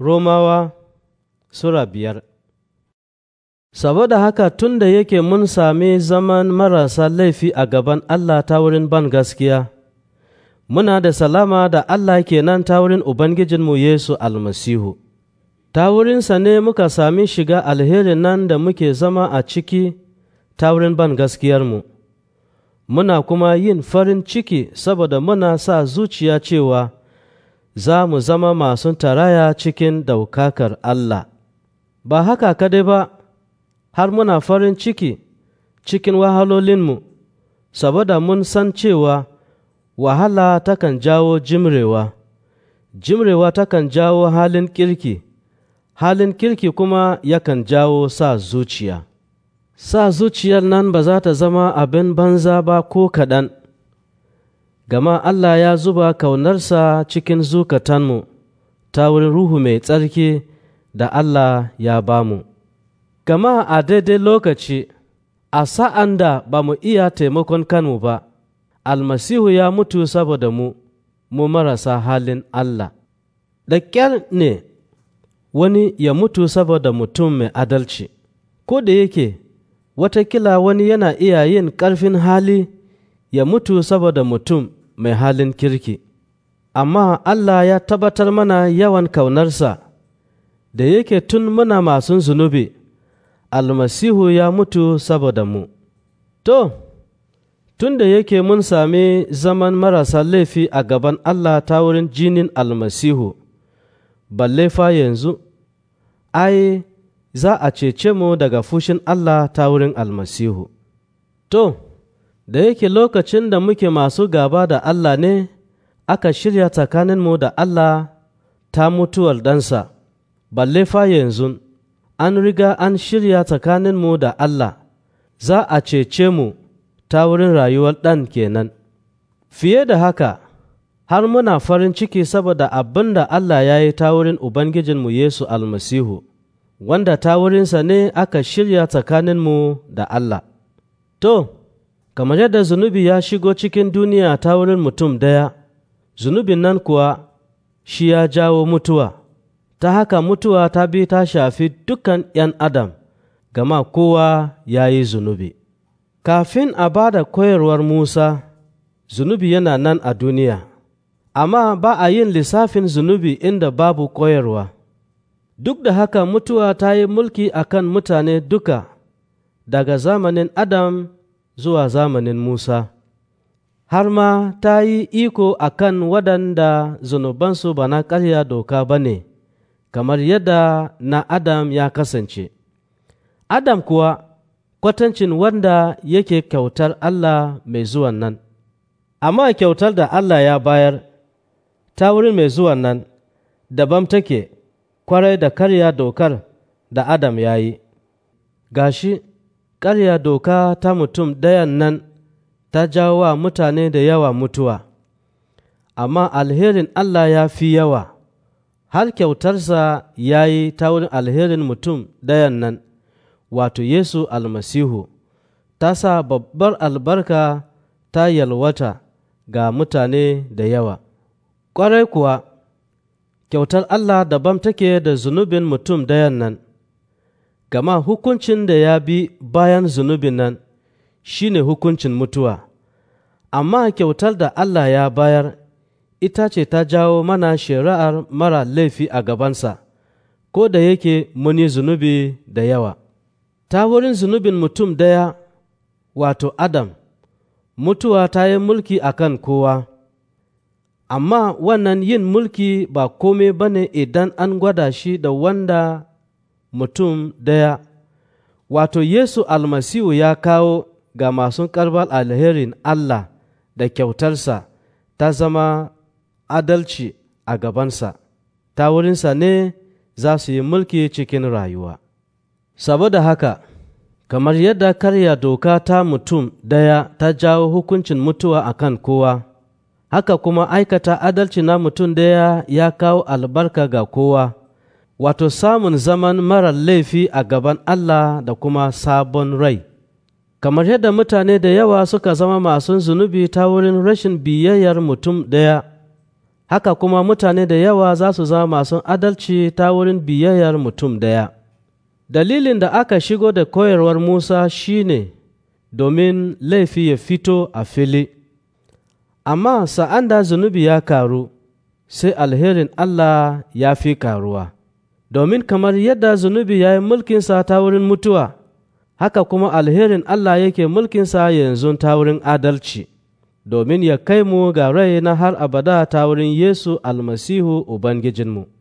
Romawa Sura biyar Saboda haka tun da yake mun sami zaman marasa laifi a gaban Allah ta wurin ban gaskiya, muna da salama da Allah kenan ta wurin Ubangijinmu Yesu almasihu. Ta wurinsa ne muka sami shiga alherin nan da muke zama a ciki ta wurin ban gaskiyarmu. Muna kuma yin farin ciki saboda muna sa zuciya cewa za mu zama masu taraya cikin daukakar Allah. Ba haka kadai ba, har muna farin ciki cikin wahalolinmu, saboda mun san cewa wahala takan jawo jimrewa, jimrewa takan jawo halin kirki, halin kirki kuma yakan jawo sa zuciya. Sa zuciyar nan ba za ta zama abin banza ba ko kaɗan. gama Allah ya zuba kaunarsa cikin zukatanmu ta wurin Ruhu mai tsarki da Allah ya ba mu. Gama a daidai lokaci, a sa'an da ba mu iya taimakon kanmu ba, almasihu ya mutu saboda mu, mu marasa halin Allah. Da ƙyar ne wani ya mutu saboda mutum mai adalci, ko da yake watakila wani yana iya yin ƙarfin hali ya mutu saboda mutum mai halin kirki amma Allah ya tabbatar mana yawan kaunarsa da yake tun muna masu zunubi almasihu ya mutu saboda mu to tun da yake mun sami zaman marasa laifi a gaban Allah ta wurin jinin almasihu balle fa yanzu ai za a cece mu daga fushin Allah ta wurin almasihu to da yake lokacin da muke masu gaba da Allah ne aka shirya tsakaninmu da Allah ta mutuwar dansa, balle fa yanzu an riga an shirya tsakaninmu da Allah za a cece mu ta wurin rayuwar ɗan kenan. Fiye da haka, har muna farin ciki saboda abin da Allah ya yi ta wurin Ubangijinmu Yesu almasihu, wanda ta wurinsa ne aka shirya tsakaninmu da Allah. To, kamar yadda zunubi ya shigo cikin duniya ta wurin mutum daya zunubin nan kuwa shi ya jawo mutuwa ta haka mutuwa ta bi ta shafi dukan ‘yan adam gama kowa ya yi zunubi kafin a ba da koyarwar musa zunubi yana nan a duniya amma ba a yin lissafin zunubi inda babu koyarwa duk da haka mutuwa ta yi mulki akan mutane duka daga zamanin adam zuwa zamanin Musa, har ma ta yi iko a kan waɗanda zunubansu ba na ƙarya doka ba ne, kamar yadda na Adam ya kasance. Adam kuwa kwatancin wanda yake kyautar Allah mai zuwan nan, amma kyautar da Allah ya bayar ta wurin mai zuwan nan dabam take kwarai da karya dokar da Adam ya yi. Gashi, Ƙarya doka ta mutum ɗayan nan ta jawo wa mutane da yawa mutuwa, amma alherin Allah ya fi yawa, har kyautarsa ya yi ta wurin alherin mutum ɗayan nan, wato Yesu almasihu, ta sa babbar albarka ta yalwata ga mutane da yawa. Ƙwarai kuwa, kyautar Allah dabam take da zunubin mutum ɗayan nan. gama hukuncin da ya bi bayan zunubin nan shi ne hukuncin mutuwa, amma kyautar da Allah ya bayar ita ce ta jawo mana shari'ar mara laifi a gabansa, ko da yake muni zunubi da yawa. Ta wurin zunubin mutum daya, wato Adam, mutuwa ta yi mulki a kan kowa, amma wannan yin mulki ba kome ba ne idan an gwada shi da wanda mutum daya wato yesu almasihu ya kawo ga masu karbar alherin allah da kyautarsa ta zama adalci a gabansa ta wurinsa ne za su yi mulki cikin rayuwa saboda haka kamar yadda karya doka ta mutum daya ta jawo hukuncin mutuwa a kan kowa haka kuma aikata adalci na mutum daya ya kawo albarka ga kowa wato samun zaman marar laifi a gaban Allah da kuma sabon rai. Kamar yadda mutane da yawa suka zama masu zunubi ta wurin rashin biyayyar mutum ɗaya, haka kuma mutane da yawa za su zama masu adalci ta wurin biyayyar mutum ɗaya. Dalilin da aka shigo da koyarwar Musa shine domin laifi ya fito a fili. Amma sa'an da zunubi ya karu, sai alherin Allah ya fi karuwa. domin kamar yadda zunubi ya yi mulkinsa ta wurin mutuwa, haka kuma alherin Allah yake mulkinsa yanzu ta wurin adalci, domin ya kai mu ga rai na har abada ta wurin Yesu almasihu Ubangijinmu.